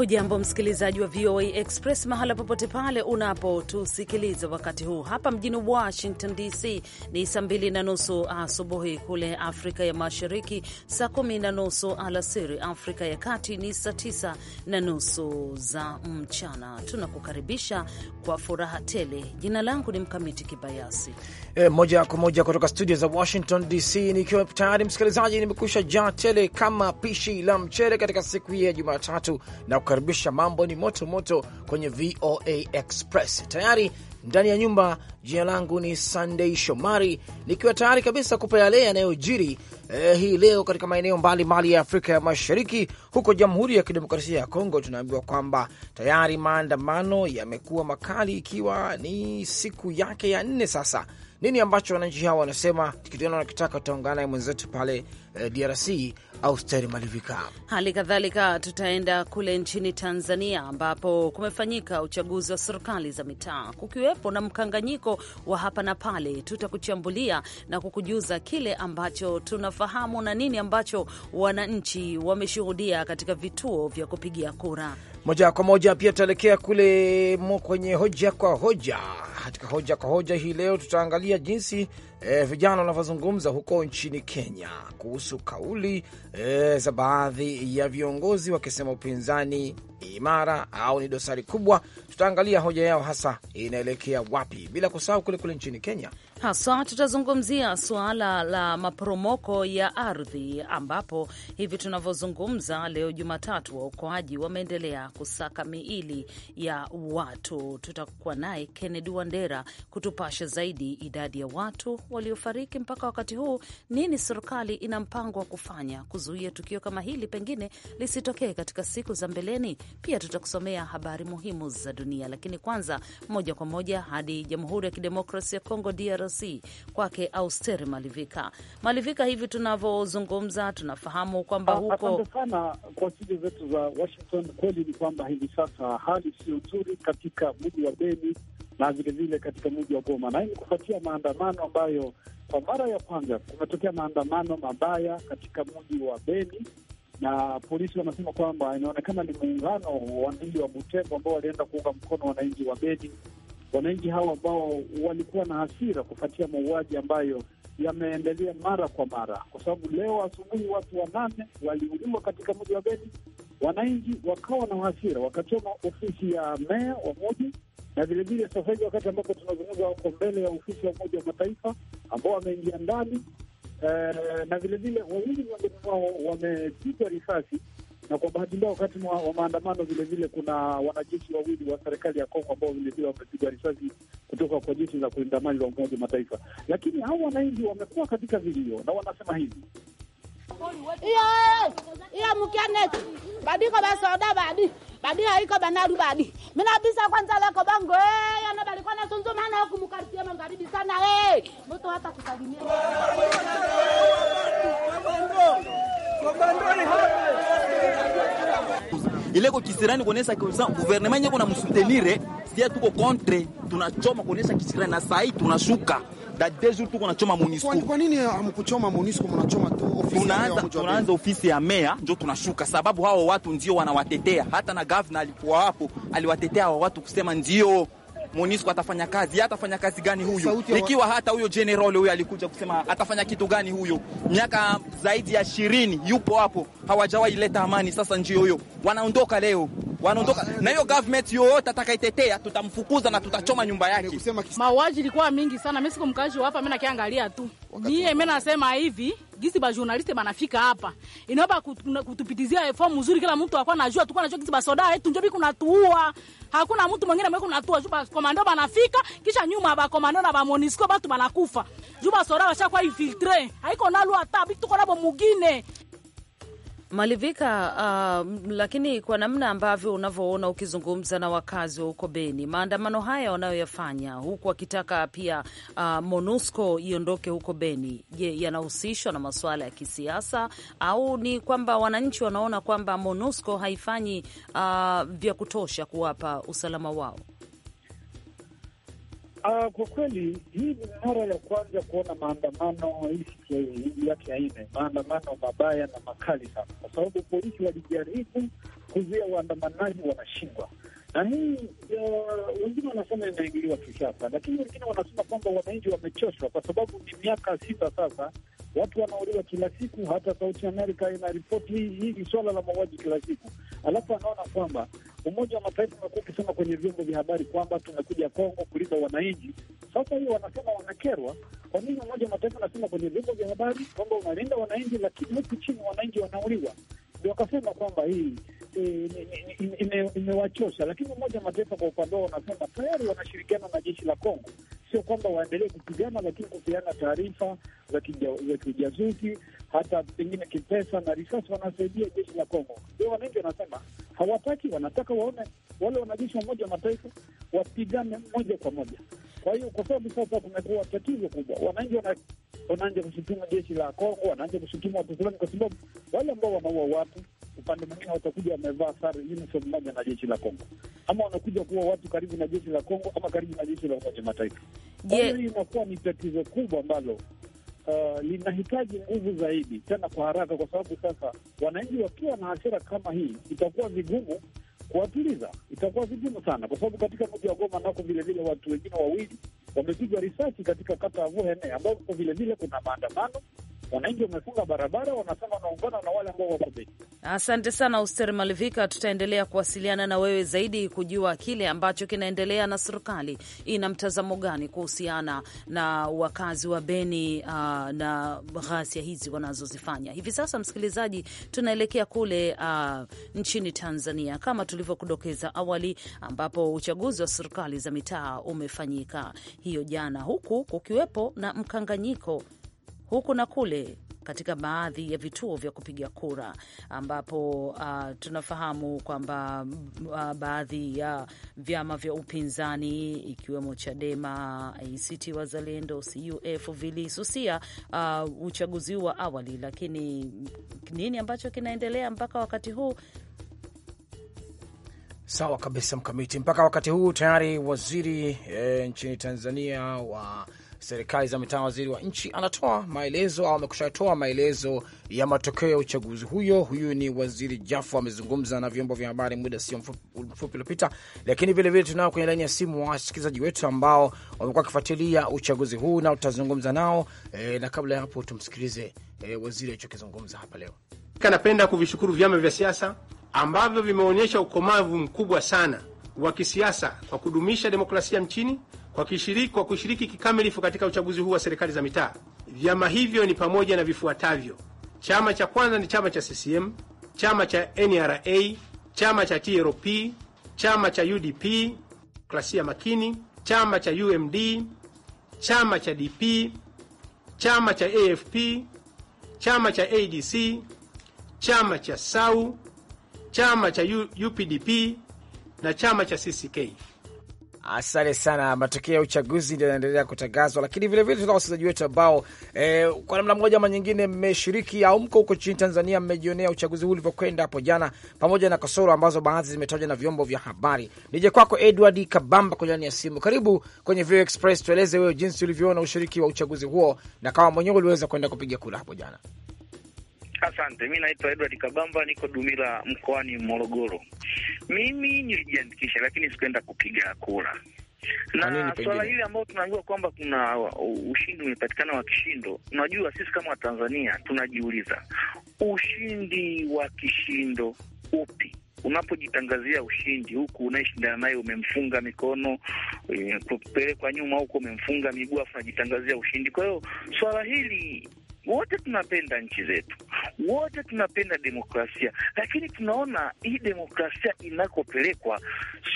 Hujambo msikilizaji wa VOA Express mahala popote pale unapotusikiliza wakati huu. Hapa mjini Washington DC ni saa mbili na nusu asubuhi, kule Afrika ya Mashariki saa kumi na nusu alasiri, Afrika ya Kati ni saa tisa na nusu za mchana. Tunakukaribisha kwa furaha tele. Jina langu ni Mkamiti Kibayasi. E, moja kwa moja kutoka studio za Washington DC nikiwa tayari msikilizaji, nimekusha jaa tele kama pishi la mchele katika siku hii ya Jumatatu na kukaribisha. Mambo ni moto moto kwenye VOA Express tayari ndani ya nyumba. Jina langu ni Sunday Shomari, nikiwa tayari kabisa kupa yale yanayojiri eh, hii leo katika maeneo mbalimbali ya Afrika ya Mashariki. Huko Jamhuri ya Kidemokrasia ya Kongo tunaambiwa kwamba tayari maandamano yamekuwa makali, ikiwa ni siku yake ya nne sasa. Nini ambacho wananchi hawa wanasema? Kitu wanakitaka, Utaungana na mwenzetu pale eh, DRC Austeri Malivika. Hali kadhalika tutaenda kule nchini Tanzania ambapo kumefanyika uchaguzi wa serikali za mitaa, kukiwepo na mkanganyiko wa hapa na pale. Tutakuchambulia na kukujuza kile ambacho tunafahamu na nini ambacho wananchi wameshuhudia katika vituo vya kupigia kura. Moja kwa moja pia tutaelekea kule kwenye hoja kwa hoja katika hoja kwa hoja hii leo tutaangalia jinsi e, vijana wanavyozungumza huko nchini Kenya kuhusu kauli e, za baadhi ya viongozi wakisema upinzani imara au ni dosari kubwa? Tutaangalia hoja yao hasa inaelekea wapi, bila kusahau kule kule nchini Kenya haswa tutazungumzia suala la maporomoko ya ardhi, ambapo hivi tunavyozungumza leo Jumatatu, waokoaji wameendelea kusaka miili ya watu. Tutakuwa naye Kennedy Wandera kutupasha zaidi idadi ya watu waliofariki mpaka wakati huu, nini serikali ina mpango wa kufanya kuzuia tukio kama hili pengine lisitokee katika siku za mbeleni. Pia tutakusomea habari muhimu za dunia, lakini kwanza, moja kwa moja hadi Jamhuri ya Kidemokrasi ya Kongo, DRC, kwake Austeri Malivika. Malivika, hivi tunavyozungumza tunafahamu kwamba ah, huko. sana kwa studio zetu za Washington. Kweli ni kwamba hivi sasa hali sio nzuri katika mji wa Beni na vilevile katika mji wa Goma, na hii ni kufuatia maandamano ambayo kwa mara ya kwanza kumetokea maandamano mabaya katika mji wa Beni na polisi wanasema kwamba inaonekana ni muungano wa wananchi wa Butembo ambao walienda kuunga mkono wananchi wa Beni, wananchi hao ambao walikuwa na hasira kufuatia mauaji ambayo yameendelea mara kwa mara, kwa sababu leo asubuhi watu wanane waliuliwa katika mji wa Beni. Wananchi wakawa na hasira, wakachoma ofisi ya meya wa mji na vilevile, sasa hivi wakati ambapo tunazungumza, wako mbele ya ofisi ya Umoja wa Mataifa ambao wameingia ndani Eh, na vilevile wawili miongoni mwao wamepigwa risasi, na kwa bahati mbaya wakati wa maandamano vilevile kuna wanajeshi wawili wa serikali ya Kongo ambao vilevile wamepigwa risasi kutoka kwa jeshi za kulinda amani la Umoja wa Mataifa. Lakini hao wananchi wamekuwa katika vilio na wanasema hivi iye iye mukianet badi ko ba soda badi badi haiko banaru badi mina bisa kwanza leko bango yana balikuwa na sunzu maana huku mkaribia magharibi sana mtu hata kusalimia ileko kisirani kuonesha guvernema nyeko na msutenire sie tuko kontre tunachoma kuonesha kisirani na sai tunashuka da desu tuko munisco. Kwa nini munisco mnachoma tu tunaanza tunaanza ofisi ya meya ndio tunashuka, sababu hao watu ndio wanawatetea. Hata na gavana alikuwa hapo, aliwatetea hao watu kusema ndio Monisco atafanya kazi, atafanya kazi gani huyo? Ikiwa hata huyo general huyo alikuja kusema atafanya kitu gani huyo? Miaka zaidi ya ishirini yupo hapo, hawajawahi leta amani. Sasa njio huyo wanaondoka leo, wanaondoka ah. na hiyo government. Yoyote atakayetetea tutamfukuza na tutachoma nyumba yake. Mauaji ilikuwa mingi sana, mimi siko mkaji hapa, mimi nakiangalia tu. Mimi nasema hivi gisi ba journaliste banafika hapa, inaomba kutupitizia fomu nzuri, kila mtu akwa najua tukua najua gisi ba soda yetu njobi kuna tuua, hakuna mtu mwingine mwe kuna tuua. Juba komando banafika, kisha nyuma ba komando na ba Monisco batu banakufa, juba soda basha kwa infiltrer haiko nalo hata bitu kwa labo mugine Malivika, uh, lakini kwa namna ambavyo unavyoona ukizungumza na wakazi wa huko Beni, maandamano haya wanayoyafanya huku wakitaka pia uh, MONUSCO iondoke huko Beni, je, yanahusishwa na masuala ya kisiasa au ni kwamba wananchi wanaona kwamba MONUSCO haifanyi uh, vya kutosha kuwapa usalama wao? Uh, kwa kweli hii ni mara ya kwanza kuona maandamano hii yake aine maandamano mabaya na makali sana, kwa sababu polisi walijaribu kuzuia waandamanaji, wanashindwa na hii wengine wanasema inaingiliwa kisiasa, lakini wengine wanasema kwamba wananchi wamechoshwa, kwa sababu ni miaka sita sasa watu wanauliwa kila siku. Hata Sauti Amerika ina ripoti hili swala la mauaji kila siku, alafu anaona kwamba Umoja wa Mataifa umekuwa ukisema kwenye vyombo vya habari kwamba tumekuja Kongo kulinda wananchi. Sasa hiyo wanasema wanakerwa. Kwa nini Umoja wa Mataifa unasema kwenye vyombo vya habari kwamba unalinda wananchi, lakini huku chini wananchi wanauliwa? Ndio wakasema kwamba hii Eh, imewachosha, lakini Umoja wa Mataifa kwa upande wao wanasema tayari wanashirikiana na jeshi la Kongo, sio kwamba waendelee kupigana, lakini kupeana taarifa za kijasusi, hata pengine kipesa na risasi wanasaidia jeshi la Kongo. Ndio wanaingi wanasema hawataki, wanataka waone wale wanajeshi wa Umoja wa Mataifa wapigane moja kwa moja. Kwa hiyo kwa sababu sasa kumekuwa tatizo kubwa, wananchi wana wanaanja kushutumu jeshi la Kongo, wanaanja kushutumu watu fulani, kwa sababu wale ambao wanaua watu upande mwingine watakuja wamevaa sare uniform moja na jeshi la Kongo, ama wanakuja kuwa watu karibu na jeshi la Kongo ama karibu na jeshi la Umoja Mataifa. Yeah. Hiyo inakuwa ni tatizo kubwa ambalo uh, linahitaji nguvu zaidi tena kwa haraka, kwa sababu sasa wananchi wakiwa na hasira kama hii itakuwa vigumu kuwatuliza, itakuwa vigumu sana, kwa sababu katika mji wa Goma nako vilevile watu wengine wawili wamepigwa risasi katika kata ya Vuhene, ambapo vilevile kuna maandamano Wananchi wamefunga barabara, wanasema wanaungana na wale ambao wako bei. Asante sana Uster Malivika, tutaendelea kuwasiliana na wewe zaidi kujua kile ambacho kinaendelea na serikali ina mtazamo gani kuhusiana na wakazi wa Beni uh, na ghasia hizi wanazozifanya hivi sasa. Msikilizaji, tunaelekea kule uh, nchini Tanzania kama tulivyokudokeza awali, ambapo uchaguzi wa serikali za mitaa umefanyika hiyo jana, huku kukiwepo na mkanganyiko huku na kule katika baadhi ya vituo vya kupiga kura ambapo uh, tunafahamu kwamba uh, baadhi ya vyama vya upinzani ikiwemo Chadema, ACT Wazalendo, CUF vilisusia uh, uchaguzi wa awali, lakini nini ambacho kinaendelea mpaka wakati huu? Sawa kabisa, Mkamiti. Mpaka wakati huu tayari waziri e, nchini Tanzania wa serikali za mitaa, waziri wa nchi anatoa maelezo au amekushatoa maelezo ya matokeo ya uchaguzi huyo. Huyu ni waziri Jafu, amezungumza na vyombo vya habari muda sio mfupi uliopita. Lakini vilevile tunao kwenye laini ya simu wasikilizaji wetu ambao wamekuwa wakifuatilia uchaguzi huu na utazungumza nao e, na kabla ya hapo tumsikilize e, waziri alichokizungumza hapa leo. Napenda kuvishukuru vyama vya siasa ambavyo vimeonyesha ukomavu mkubwa sana wa kisiasa kwa kudumisha demokrasia nchini kwa kushiriki, kwa kushiriki kikamilifu katika uchaguzi huu wa serikali za mitaa. Vyama hivyo ni pamoja na vifuatavyo: chama cha kwanza ni chama cha CCM, chama cha NRA, chama cha TLP, chama cha UDP Klasia Makini, chama cha UMD, chama cha DP, chama cha AFP, chama cha ADC, chama cha SAU, chama cha UPDP na chama cha CCK. Asante sana. Matokeo ya uchaguzi ndio yanaendelea kutangazwa, lakini vilevile tuna wasikilizaji wetu ambao e, kwa namna moja ama nyingine mmeshiriki au mko huko nchini Tanzania, mmejionea uchaguzi huu ulivyokwenda hapo jana, pamoja na kasoro ambazo baadhi zimetajwa na vyombo vya habari. Nije kwako Edward Kabamba kwenye ndani ya simu. Karibu kwenye VOA Express, tueleze wewe jinsi ulivyoona ushiriki wa uchaguzi huo na kama mwenyewe uliweza kwenda kupiga kura hapo jana. Asante, mi naitwa Edward Kabamba, niko Dumila mkoani Morogoro. Mimi nilijiandikisha, lakini sikuenda kupiga kura na swala hili ambao tunajua kwamba kuna ushindi umepatikana wa kishindo. Unajua, sisi kama Watanzania tunajiuliza ushindi wa kishindo upi? Unapojitangazia ushindi huku unayeshindana naye umemfunga mikono eh, kupelekwa nyuma huku umemfunga miguu, afu unajitangazia ushindi. Kwa hiyo swala hili wote tunapenda nchi zetu, wote tunapenda demokrasia, lakini tunaona hii demokrasia inakopelekwa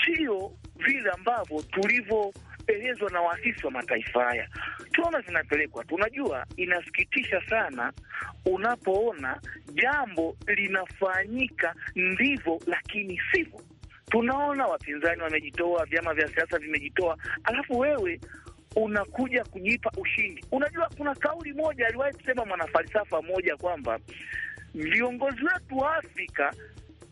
sio vile ambavyo tulivyo elezwa na waasisi wa mataifa haya. Tunaona zinapelekwa. Tunajua, inasikitisha sana unapoona jambo linafanyika ndivyo, lakini sivyo. Tunaona wapinzani wamejitoa, vyama vya siasa vimejitoa, alafu wewe unakuja kujipa ushindi. Unajua, kuna kauli moja aliwahi kusema mwanafalsafa moja kwamba viongozi wetu wa Afrika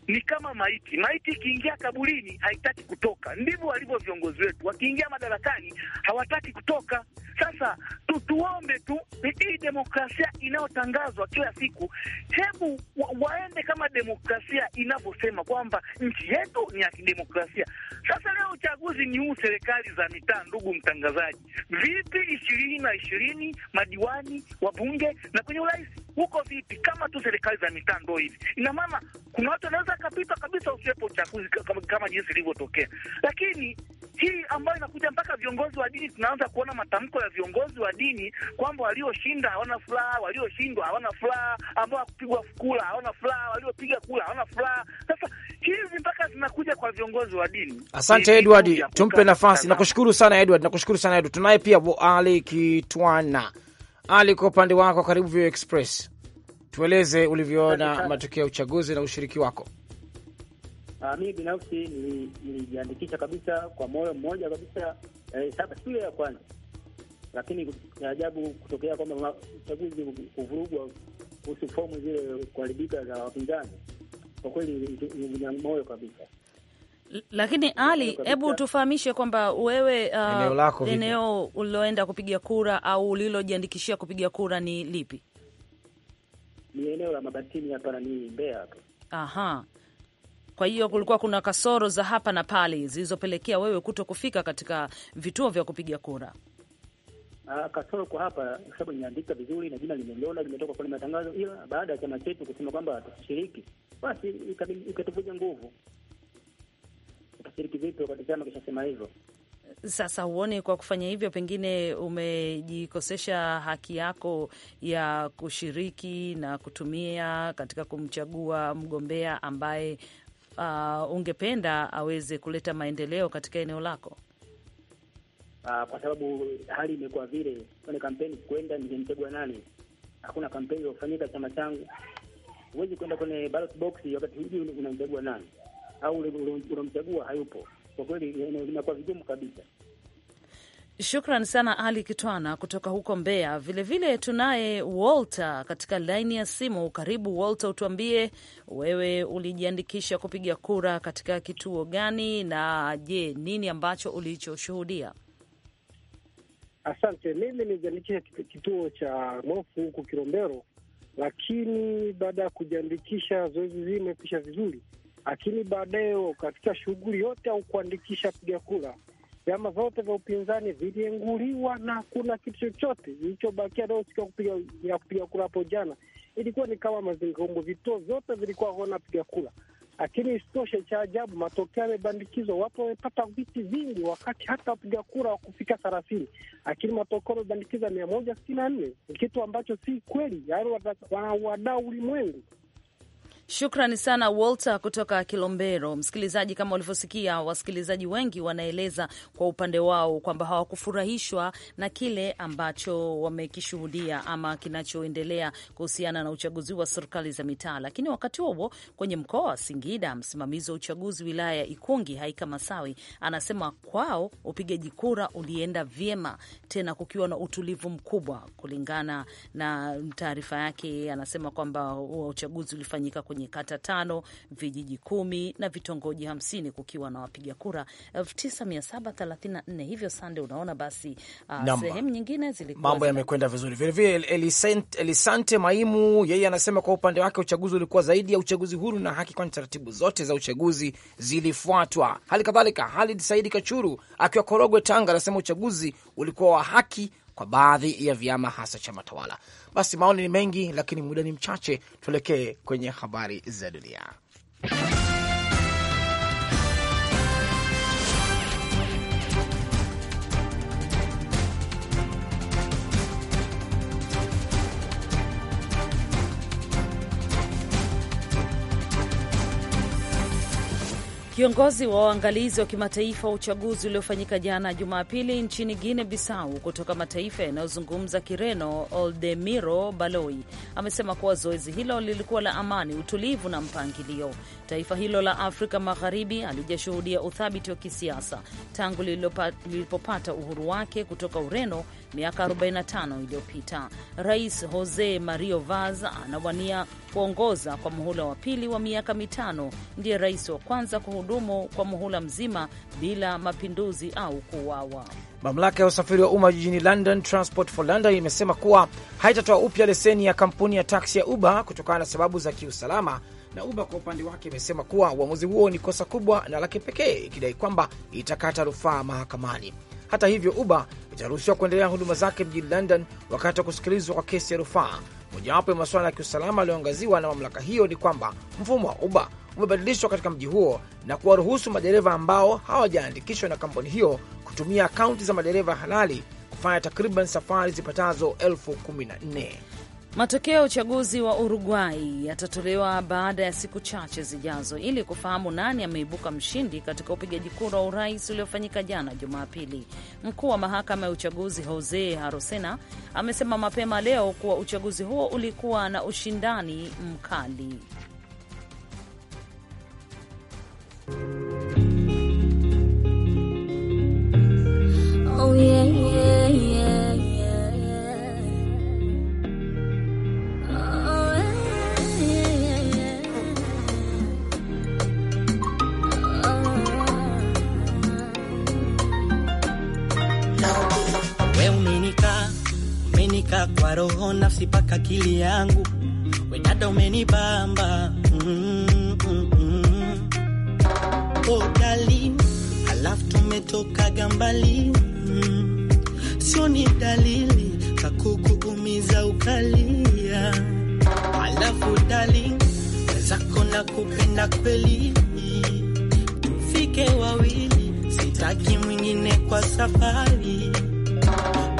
ni kama maiti. Maiti ikiingia kaburini haitaki kutoka. Ndivyo walivyo viongozi wetu, wakiingia madarakani hawataki kutoka. Sasa tutuombe tu hii demokrasia inayotangazwa kila siku, hebu wa, waende kama demokrasia inavyosema kwamba nchi yetu ni ya kidemokrasia. Sasa leo uongozi ni huu, serikali za mitaa. Ndugu mtangazaji, vipi ishirini na ishirini madiwani wa bunge na kwenye urais huko vipi? Kama tu serikali za mitaa ndo hivi, ina maana kuna watu wanaweza akapita kabisa usiwepo uchaguzi kama, kama jinsi ilivyotokea, lakini hii ambayo inakuja mpaka viongozi wa dini, tunaanza kuona matamko ya viongozi wa dini kwamba walioshinda hawana furaha, walioshindwa hawana furaha, ambao wakupigwa kula hawana furaha, waliopiga kula hawana furaha. Sasa hizi mpaka zinakuja kwa viongozi wa dini. Asante Edward, tumpe nafasi. Nakushukuru sana Edward, nakushukuru sana Edward. Tunaye pia Ali Kitwana. Ali, kwa upande wako, karibu Vio Express, tueleze ulivyoona matokeo ya uchaguzi na ushiriki wako. Ah, Mi binafsi nilijiandikisha kabisa kwa moyo mmoja kabisa eh, saba siku ya kwanza, lakini ajabu kutokea kwamba uchaguzi kuvurugwa kuhusu fomu zile kuharibika za wapinzani kwa kweli ina moyo kabisa. Lakini Ali, hebu tufahamishe kwamba wewe uh, eneo lako, eneo uliloenda kupiga kura au ulilojiandikishia kupiga kura ni lipi? Ni eneo la Mabatini hapa na ni Mbeya hapa. Aha, kwa hiyo kulikuwa kuna kasoro za hapa na pale zilizopelekea wewe kuto kufika katika vituo vya kupiga kura. Uh, kasoro kwa hapa sababu nimeandika vizuri na jina limeliona limetoka kwenye matangazo, ila baada ya chama chetu kusema kwamba tusishiriki basi ikatuvuja nguvu. Utashiriki vipi wakati chama kishasema hivyo? Sasa uone, kwa kufanya hivyo pengine umejikosesha haki yako ya kushiriki na kutumia katika kumchagua mgombea ambaye uh, ungependa aweze kuleta maendeleo katika eneo lako. Uh, kwa sababu hali imekuwa vile, kwenye kampeni kwenda, ningemchagua nani? Hakuna kampeni iliyofanyika chama changu huwezi kwenda kwenye ballot box wakati hujui unamchagua nani au unamchagua hayupo. Kwa kweli inakuwa vigumu kabisa. Shukran sana Ali Kitwana kutoka huko Mbeya. Vilevile tunaye Walter katika laini ya simu. Karibu Walter, utuambie wewe ulijiandikisha kupiga kura katika kituo gani, na je, nini ambacho ulichoshuhudia? Asante, mimi nilijiandikisha kituo cha Mofu huku kirombero lakini baada ya kujiandikisha, zoezi zima imepisha vizuri, lakini baadaye katika shughuli yote au kuandikisha piga kura, vyama vyote vya upinzani vilienguliwa na kuna kitu chochote kilichobakia. Leo siku ya kupiga kura hapo jana ilikuwa ni kama mazingaombwe, vituo vyote vilikuwa hawana piga kura. Lakini isitoshe, cha ajabu, matokeo yamebandikizwa. Wapo wamepata viti vingi, wakati hata wapiga kura wa kufika thelathini, lakini matokeo yamebandikiza mia moja sitini na nne. Ni kitu ambacho si kweli, yaani wanauadaa ulimwengu. Shukrani sana Walter kutoka Kilombero. Msikilizaji, kama ulivyosikia, wasikilizaji wengi wanaeleza kwa upande wao kwamba hawakufurahishwa na kile ambacho wamekishuhudia ama kinachoendelea kuhusiana na uchaguzi wa serikali za mitaa. Lakini wakati huo kwenye mkoa wa Singida, msimamizi wa uchaguzi wilaya ya Ikungi Haika Masawi anasema kwao upigaji kura ulienda vyema, tena kukiwa na utulivu mkubwa. Kulingana na taarifa yake, anasema kwamba uchaguzi ulifanyika kwenye kata tano, vijiji kumi na vitongoji hamsini kukiwa na wapiga kura 9734 hivyo sande, unaona basi ah, sehemu nyingine zilikuwa mambo yamekwenda vizuri. Vilevile Elisante, Elisante Maimu yeye anasema kwa upande wake uchaguzi ulikuwa zaidi ya uchaguzi huru na haki, kwani taratibu zote za uchaguzi zilifuatwa. Hali kadhalika Halid Saidi Kachuru akiwa Korogwe, Tanga, anasema uchaguzi ulikuwa wa haki kwa baadhi ya vyama hasa chama tawala. Basi maoni ni mengi, lakini muda ni mchache. Tuelekee kwenye habari za dunia. Kiongozi wa waangalizi wa kimataifa wa uchaguzi uliofanyika jana Jumapili nchini guine Bissau kutoka mataifa yanayozungumza Kireno, Oldemiro Baloi, amesema kuwa zoezi hilo lilikuwa la amani, utulivu na mpangilio. Taifa hilo la Afrika Magharibi alijashuhudia uthabiti wa kisiasa tangu lilipopata uhuru wake kutoka Ureno miaka 45 iliyopita. Rais Jose Mario Vaz anawania kuongoza kwa muhula wa pili wa miaka mitano. Ndiye rais wa kwanza kuhu kuhudumu kwa muhula mzima bila mapinduzi au kuuawa. Mamlaka ya usafiri wa umma jijini London, Transport for London, imesema kuwa haitatoa upya leseni ya kampuni ya taksi ya Uber kutokana na sababu za kiusalama. Na Uber kwa upande wake imesema kuwa uamuzi huo ni kosa kubwa na la kipekee, ikidai kwamba itakata rufaa mahakamani. Hata hivyo, Uber itaruhusiwa kuendelea huduma zake mjini London wakati wa kusikilizwa kwa kesi ya rufaa. Mojawapo ya masuala ya kiusalama yaliyoangaziwa na mamlaka hiyo ni kwamba mfumo wa Uber umebadilishwa katika mji huo na kuwaruhusu madereva ambao hawajaandikishwa na kampuni hiyo kutumia akaunti za madereva halali kufanya takriban safari zipatazo elfu kumi na nne. Matokeo ya uchaguzi wa Uruguay yatatolewa baada ya siku chache zijazo ili kufahamu nani ameibuka mshindi katika upigaji kura wa urais uliofanyika jana Jumapili. Mkuu wa mahakama ya uchaguzi Jose Harosena amesema mapema leo kuwa uchaguzi huo ulikuwa na ushindani mkali. Oh, yeah, yeah, yeah, yeah. Oh, yeah, yeah, yeah. Oh. We umenikaa umenikaa kwa roho nafsi paka akili yangu, we dada umenibamba Alafu tumetoka gambali mm, sio ni dalili kakukuumiza ukalia. Alafu dali zako na kupenda kweli, tufike wawili, sitaki mwingine kwa safari.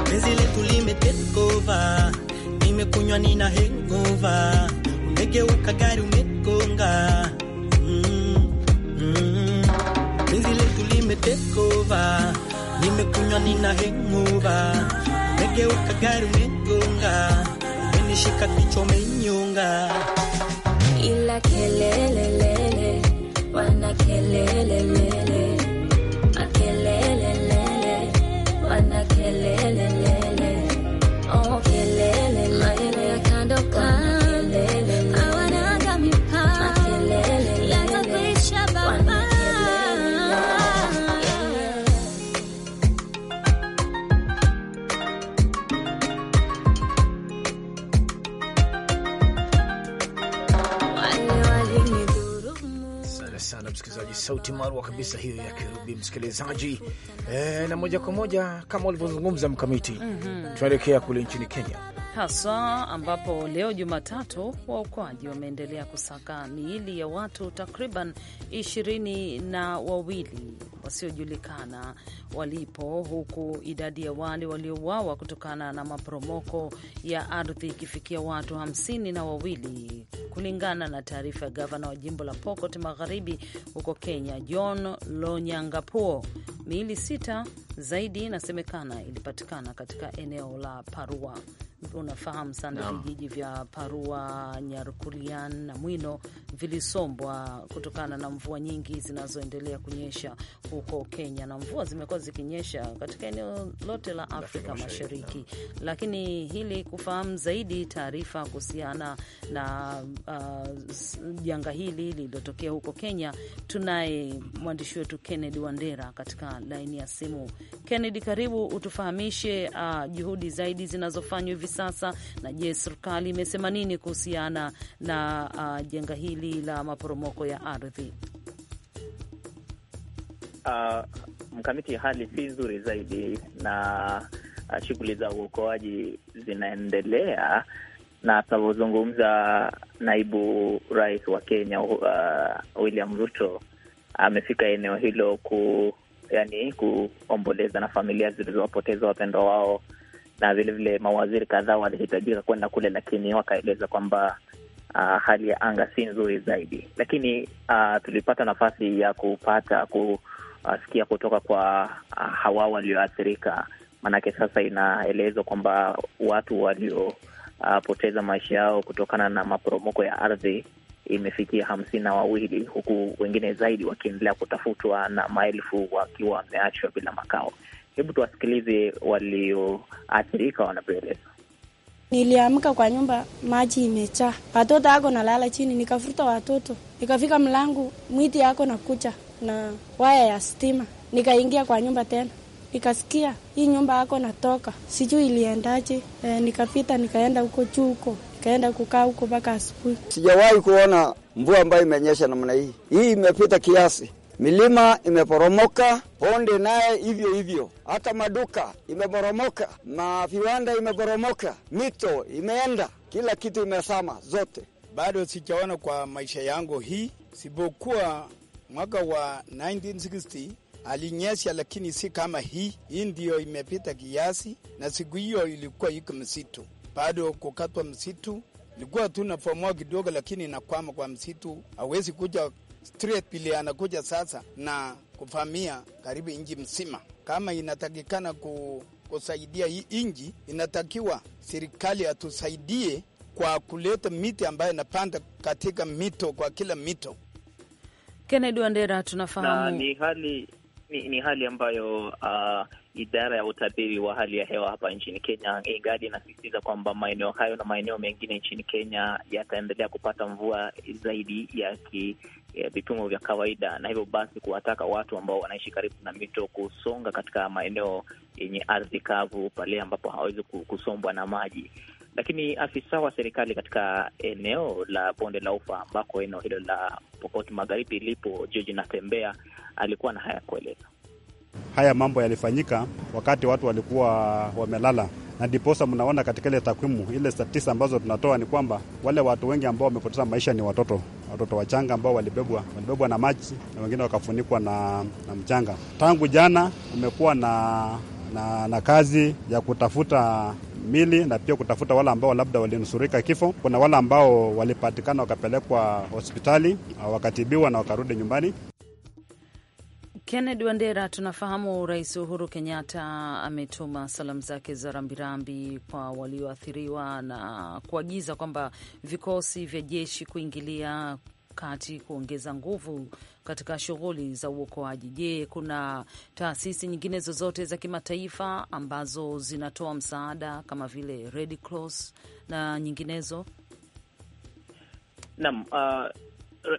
Penzi letu lime take over, nimekunywa nina hangover, umegeuka gari umegonga take nimekunywa nina hangover, megeuka gari umegonga, umenishika kichwa menyunga. ila kelelelele, wana kelelelele sauti marwa kabisa hiyo ya Kirubi, msikilizaji e, na moja kwa moja kama ulivyozungumza mkamiti mm -hmm. Tunaelekea kule nchini Kenya haswa ambapo leo Jumatatu waokoaji wameendelea kusaka miili ya watu takriban ishirini na wawili wasiojulikana walipo, huku idadi ya wale waliouawa kutokana na maporomoko ya ardhi ikifikia watu hamsini na wawili kulingana na taarifa ya gavana wa jimbo la Pokot Magharibi huko Kenya, John Lonyangapuo. Miili sita zaidi inasemekana ilipatikana katika eneo la Parua. Unafahamu sana vijiji vya Parua, Nyarukulian na Mwino vilisombwa kutokana na mvua nyingi zinazoendelea kunyesha huko Kenya, na mvua zimekuwa zikinyesha katika eneo lote la Afrika Mashariki. Lakini hili kufahamu zaidi taarifa kuhusiana na uh, janga uh, hili lililotokea huko Kenya, tunaye mwandishi wetu Kennedy Wandera katika laini ya simu. Kennedy, karibu utufahamishe uh, juhudi zaidi zinazofanywa hivi sasa, na je, serikali imesema nini kuhusiana na uh, janga hili la maporomoko ya ardhi? uh, mkamiti, hali si nzuri zaidi na uh, shughuli za uokoaji zinaendelea, na atavyozungumza naibu rais wa Kenya uh, William Ruto amefika uh, eneo hilo ku yani kuomboleza na familia zilizowapoteza wapendwa wao, na vilevile mawaziri kadhaa walihitajika kwenda kule, lakini wakaeleza kwamba Uh, hali ya anga si nzuri zaidi, lakini uh, tulipata nafasi ya kupata ku, asikia kutoka kwa ah, hawa walioathirika, maanake sasa inaelezwa kwamba watu waliopoteza ah, maisha yao kutokana na maporomoko ya ardhi imefikia hamsini na wawili huku wengine zaidi wakiendelea kutafutwa na maelfu wakiwa wameachwa bila makao. Hebu tuwasikilize walioathirika wanavyoeleza. Niliamka kwa nyumba, maji imejaa, watoto ako nalala chini, nikafuta watoto, nikafika mlangu, mwiti yako na kucha na waya ya stima, nikaingia kwa nyumba tena nikasikia hii nyumba yako natoka, sijui iliendaje. E, nikapita nikaenda huko juu huko, nikaenda kukaa huko mpaka asubuhi. Sijawahi kuona mvua ambayo imenyesha namna hii. Hii imepita kiasi, milima imeporomoka, ponde naye hivyo hivyo, hata maduka imeporomoka, maviwanda imeporomoka, mito imeenda, kila kitu imesama zote. Bado sijaona kwa maisha yangu hii sipokuwa mwaka wa 1960 alinyesha, lakini si kama hii. Hii ndiyo imepita kiasi, na siku hiyo ilikuwa iko msitu bado kukatwa msitu, ilikuwa tu nafomoa kidogo, lakini nakwama kwa msitu, awezi kuja straight pili, anakuja sasa na kuvamia karibu nji mzima. Kama inatakikana ku, kusaidia hii nji, inatakiwa serikali atusaidie kwa kuleta miti ambayo inapanda katika mito, kwa kila mito Kennedy Wandera, tunafahamu na ni hali ni, ni hali ambayo uh, idara ya utabiri wa hali ya hewa hapa nchini Kenya ingali inasisitiza kwamba maeneo hayo na maeneo mengine nchini Kenya yataendelea kupata mvua zaidi ya ki vipimo vya kawaida, na hivyo basi kuwataka watu ambao wanaishi karibu na mito kusonga katika maeneo yenye ardhi kavu pale ambapo hawawezi kusombwa na maji. Lakini afisa wa serikali katika eneo la bonde la ufa ambako eneo hilo la Pokoti Magharibi lipo, George Natembea, alikuwa na haya kueleza. Haya mambo yalifanyika wakati watu walikuwa wamelala na ndiposa mnaona katika ile takwimu ile statisa ambazo tunatoa ni kwamba wale watu wengi ambao wamepoteza maisha ni watoto, watoto wachanga ambao walibebwa walibebwa na maji na wengine wakafunikwa na, na mchanga. Tangu jana kumekuwa na, na, na kazi ya kutafuta mili na pia kutafuta wale ambao labda walinusurika kifo. Kuna wale ambao walipatikana wakapelekwa hospitali wakatibiwa na wakarudi nyumbani. Kennedy Wandera, tunafahamu Rais Uhuru Kenyatta ametuma salamu zake za rambirambi kwa walioathiriwa na kuagiza kwamba vikosi vya jeshi kuingilia kati kuongeza nguvu katika shughuli za uokoaji. Je, kuna taasisi nyingine zozote za kimataifa ambazo zinatoa msaada kama vile Red Cross na nyinginezo? Naam, uh,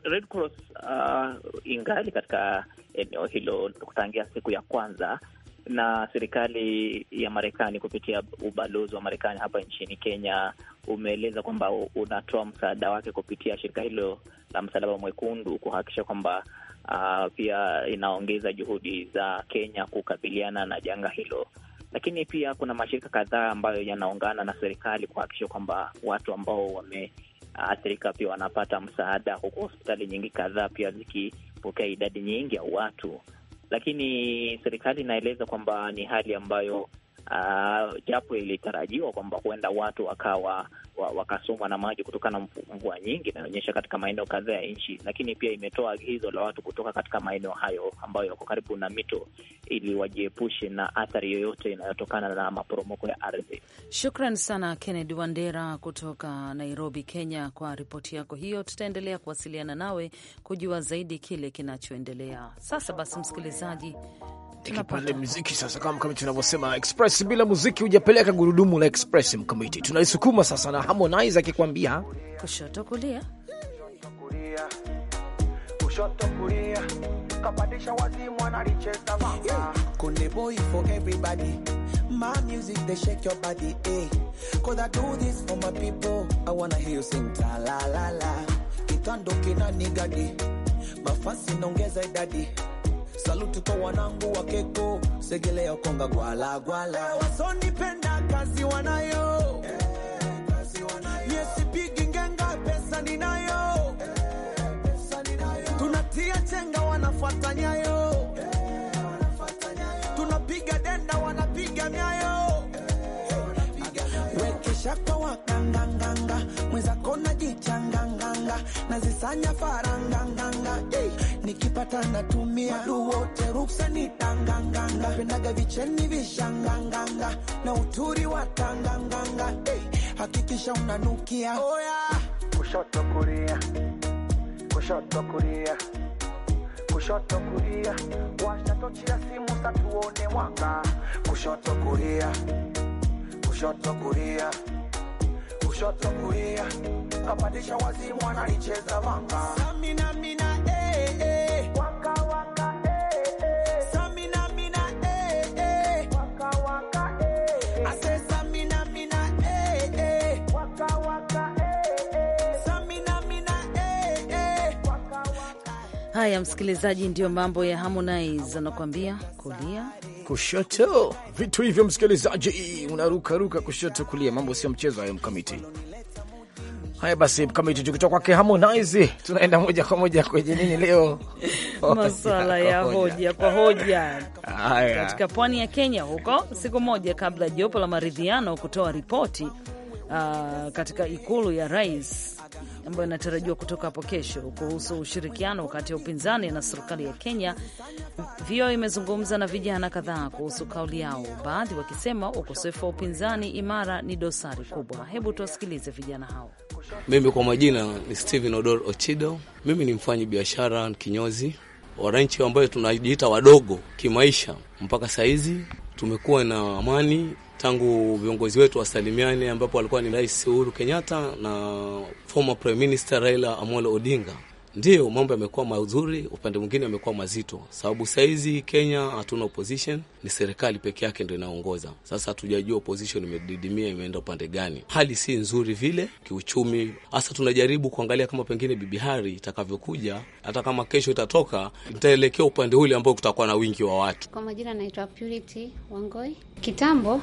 Red Cross uh, ingali katika eneo hilo kutangia siku ya kwanza na serikali ya Marekani kupitia ubalozi wa Marekani hapa nchini Kenya umeeleza kwamba unatoa msaada wake kupitia shirika hilo la Msalaba Mwekundu kuhakikisha kwamba uh, pia inaongeza juhudi za Kenya kukabiliana na janga hilo. Lakini pia kuna mashirika kadhaa ambayo yanaungana na serikali kuhakikisha kwamba watu ambao wameathirika pia wanapata msaada, huku hospitali nyingi kadhaa pia zikipokea idadi nyingi ya watu lakini serikali inaeleza kwamba ni hali ambayo uh, japo ilitarajiwa kwamba huenda watu wakawa wakasomwa na maji kutokana na mvua nyingi inaonyesha katika maeneo kadhaa ya nchi, lakini pia imetoa agizo la watu kutoka katika maeneo hayo ambayo yako karibu na mito ili wajiepushe na athari yoyote inayotokana na maporomoko ya ardhi. Shukran sana Kennedy Wandera kutoka Nairobi, Kenya, kwa ripoti yako hiyo. Tutaendelea kuwasiliana nawe kujua zaidi kile kinachoendelea. Sasa basi, msikilizaji kipande muziki sasa, kama kama tunavyosema express, bila muziki hujapeleka gurudumu la express. Mkamiti tunaisukuma sasa na Harmonize akikwambia kushoto kulia, kushoto kulia, kapandisha wazimu analicheza mama kule boy for everybody my music they shake your body eh cuz I do this for my people I wanna hear you sing ta la la la kitando kinanigadi mafasi naongeza idadi Saluti kwa wanangu wa Keko, ya Konga, Gwala, Gwala. Eh, wasonipenda kazi wanayo, eh, kazi wanayo. ngenga pesa ninayo, eh, Tunatia chenga eh, wanafuata nyayo, Tunapiga denda wanapiga nyayo, eh, Wekesha kwa wakanganganga, mwezako nazisanya faranganganga nikipata natumia du wote ruksa ni tanganganga pendaga vicheni vishanganganga na uturi wa tanganganga hey, hakikisha unanukia oh yeah. kushoto kulia kushoto kulia kushoto kulia washatochila simu satuone mwanga kushoto kulia kushoto kulia kushoto kulia kapandisha wazimu analicheza vanga samina mina Haya, msikilizaji, ndiyo mambo ya Harmonize anakuambia kulia kushoto, vitu hivyo. Msikilizaji, unarukaruka kushoto kulia, mambo sio mchezo hayo, mkamiti Haya basi, mkamiti tukitoka kwake Harmonize tunaenda moja kwa moja kwenye nini leo, masuala ya hoja kwa hoja katika pwani ya Kenya, huko siku moja kabla jopo la maridhiano kutoa ripoti uh, katika ikulu ya rais ambayo inatarajiwa kutoka hapo kesho kuhusu ushirikiano kati ya upinzani na serikali ya Kenya. VOA imezungumza na vijana kadhaa kuhusu kauli yao, baadhi wakisema ukosefu wa upinzani imara ni dosari kubwa. Hebu tuwasikilize vijana hao. Mimi kwa majina ni Steven Odor Ochido. Mimi ni mfanyi biashara kinyozi. Wananchi ambayo tunajiita wadogo kimaisha, mpaka sahizi tumekuwa na amani tangu viongozi wetu wasalimiane, ambapo alikuwa ni Rais Uhuru Kenyatta na former Prime Minister Raila Amolo Odinga ndio mambo yamekuwa mazuri, upande mwingine yamekuwa mazito, sababu sahizi Kenya hatuna opposition, ni serikali peke yake ndo inaongoza. Sasa hatujajua opposition imedidimia, imeenda upande gani. Hali si nzuri vile kiuchumi, hasa tunajaribu kuangalia kama pengine bibihari itakavyokuja, hata kama kesho itatoka, itaelekea upande ule ambao kutakuwa na wingi wa watu. Kwa majina anaitwa Purity Wangoi. Kitambo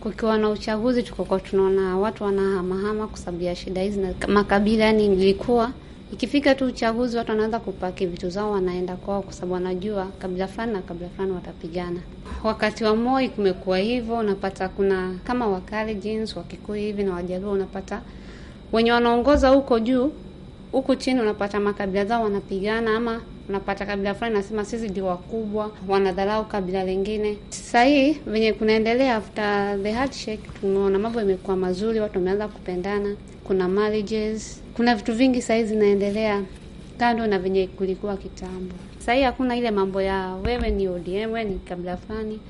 kukiwa na uchaguzi, tukokuwa tunaona watu wanahamahama kwa sababu ya shida hizi na makabila, yani ilikuwa Ikifika tu uchaguzi, watu wanaanza kupaki vitu zao, wanaenda kwao, kwa sababu wanajua kabila fulani na kabila fulani watapigana. Wakati wa Moi kumekuwa hivyo, unapata kuna kama wakali Wakalenjins, Wakikuyu hivi na Wajaluo, unapata wenye wanaongoza huko juu, huku chini unapata makabila zao wanapigana, ama unapata kabila fulani nasema sisi ndio wakubwa, wanadharau kabila lingine. Sasa hii venye kunaendelea, after the handshake, tumeona mambo yamekuwa mazuri, watu wameanza kupendana kuna marriages, kuna vitu vingi sahii zinaendelea kando na venye kulikuwa kitambo. Sahii hakuna ile mambo ya wewe ni ODM, wewe ni kabila fulani.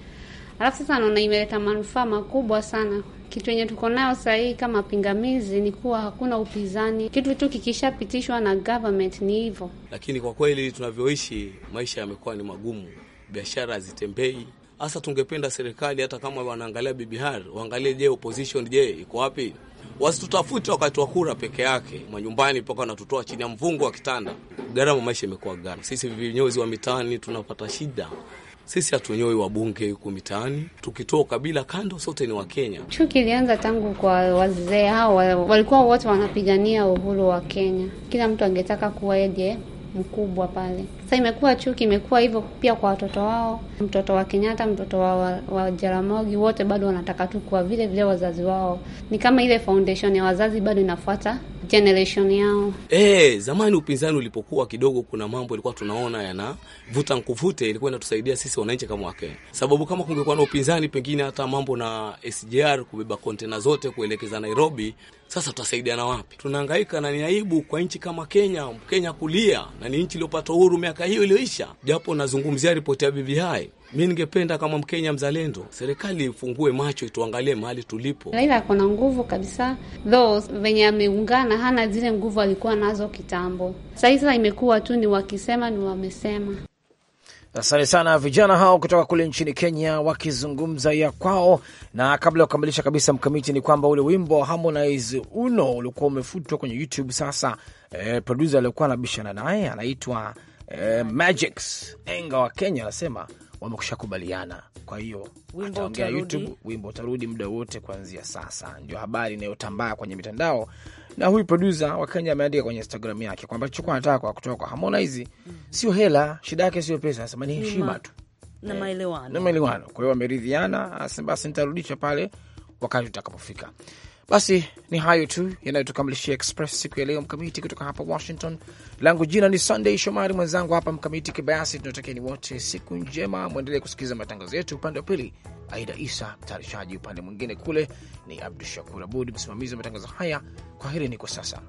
Alafu sasa naona imeleta manufaa makubwa sana. Kitu yenye tuko nayo sahii kama pingamizi ni kuwa hakuna upinzani, kitu tu kikishapitishwa na government ni hivyo. Lakini kwa kweli tunavyoishi, maisha yamekuwa ni magumu, biashara hazitembei. Hasa tungependa serikali, hata kama wanaangalia bibihar waangalie, je, opposition je iko wapi? wasitutafute wakati wa kura peke yake, manyumbani mpaka wanatutoa chini ya mvungu wa kitanda. Gharama maisha imekuwa gharama. Sisi vinyozi wa mitaani tunapata shida. Sisi hatunyoi wabunge huku mitaani, tukitoka bila kando, sote ni Wakenya. Chuki ilianza tangu kwa wazee hao, walikuwa wote wanapigania uhuru wa Kenya, kila mtu angetaka kuwa yeye mkubwa pale sasa imekuwa chuki, imekuwa hivyo pia kwa watoto wao. Mtoto wa Kenyatta, mtoto wa, wa Jaramogi, wote bado wanataka tu kuwa vile vile wazazi wao. Ni kama ile foundation ya wazazi bado inafuata generation yao. Eh, zamani upinzani ulipokuwa kidogo, kuna mambo ilikuwa tunaona yanavuta nkuvute, ilikuwa inatusaidia sisi wananchi kama Wakenya, sababu kama kungekuwa na upinzani, pengine hata mambo na SGR kubeba kontena zote kuelekeza Nairobi. Sasa tutasaidiana wapi? Tunahangaika na ni aibu kwa nchi kama Kenya, Kenya kulia na ni nchi iliyopata uhuru miaka miaka hiyo iliyoisha, japo nazungumzia ripoti ya bibi hai Mi ningependa kama Mkenya mzalendo, serikali ifungue macho, ituangalie mahali tulipo. Raila ako na nguvu kabisa, though venye ameungana hana zile nguvu alikuwa nazo kitambo. Sasa imekuwa tu ni wakisema ni wamesema. Asante sana vijana hao kutoka kule nchini Kenya wakizungumza ya kwao. Na kabla ya kukamilisha kabisa, mkamiti ni kwamba ule wimbo wa Harmonize Uno ulikuwa umefutwa kwenye YouTube. Sasa eh, produsa aliokuwa anabishana naye anaitwa eh, Magix Enga wa Kenya anasema wamekusha kubaliana, kwa hiyo ataongea YouTube, wimbo utarudi muda wote kuanzia sasa. Ndio habari inayotambaa kwenye mitandao, na huyu produsa wa Kenya ameandika kwenye Instagram yake kwamba chokuwa anataka kwa kutoka kwa Harmonize mm, sio hela, shida yake sio pesa, anasema ni heshima tu eh, na maelewano. Kwa hiyo wameridhiana, basi nitarudisha pale wakati utakapofika. Basi ni hayo tu yanayotukamilishia Express siku ya leo, Mkamiti kutoka hapa Washington. Langu jina ni Sunday Shomari, mwenzangu hapa Mkamiti Kibayasi. ni wote siku njema, mwendelee kusikiliza matangazo yetu. Upande wa pili Aida Isa mtayarishaji, upande mwingine kule ni Abdu Shakur Abud msimamizi wa matangazo haya. kwa ni kwa sasa.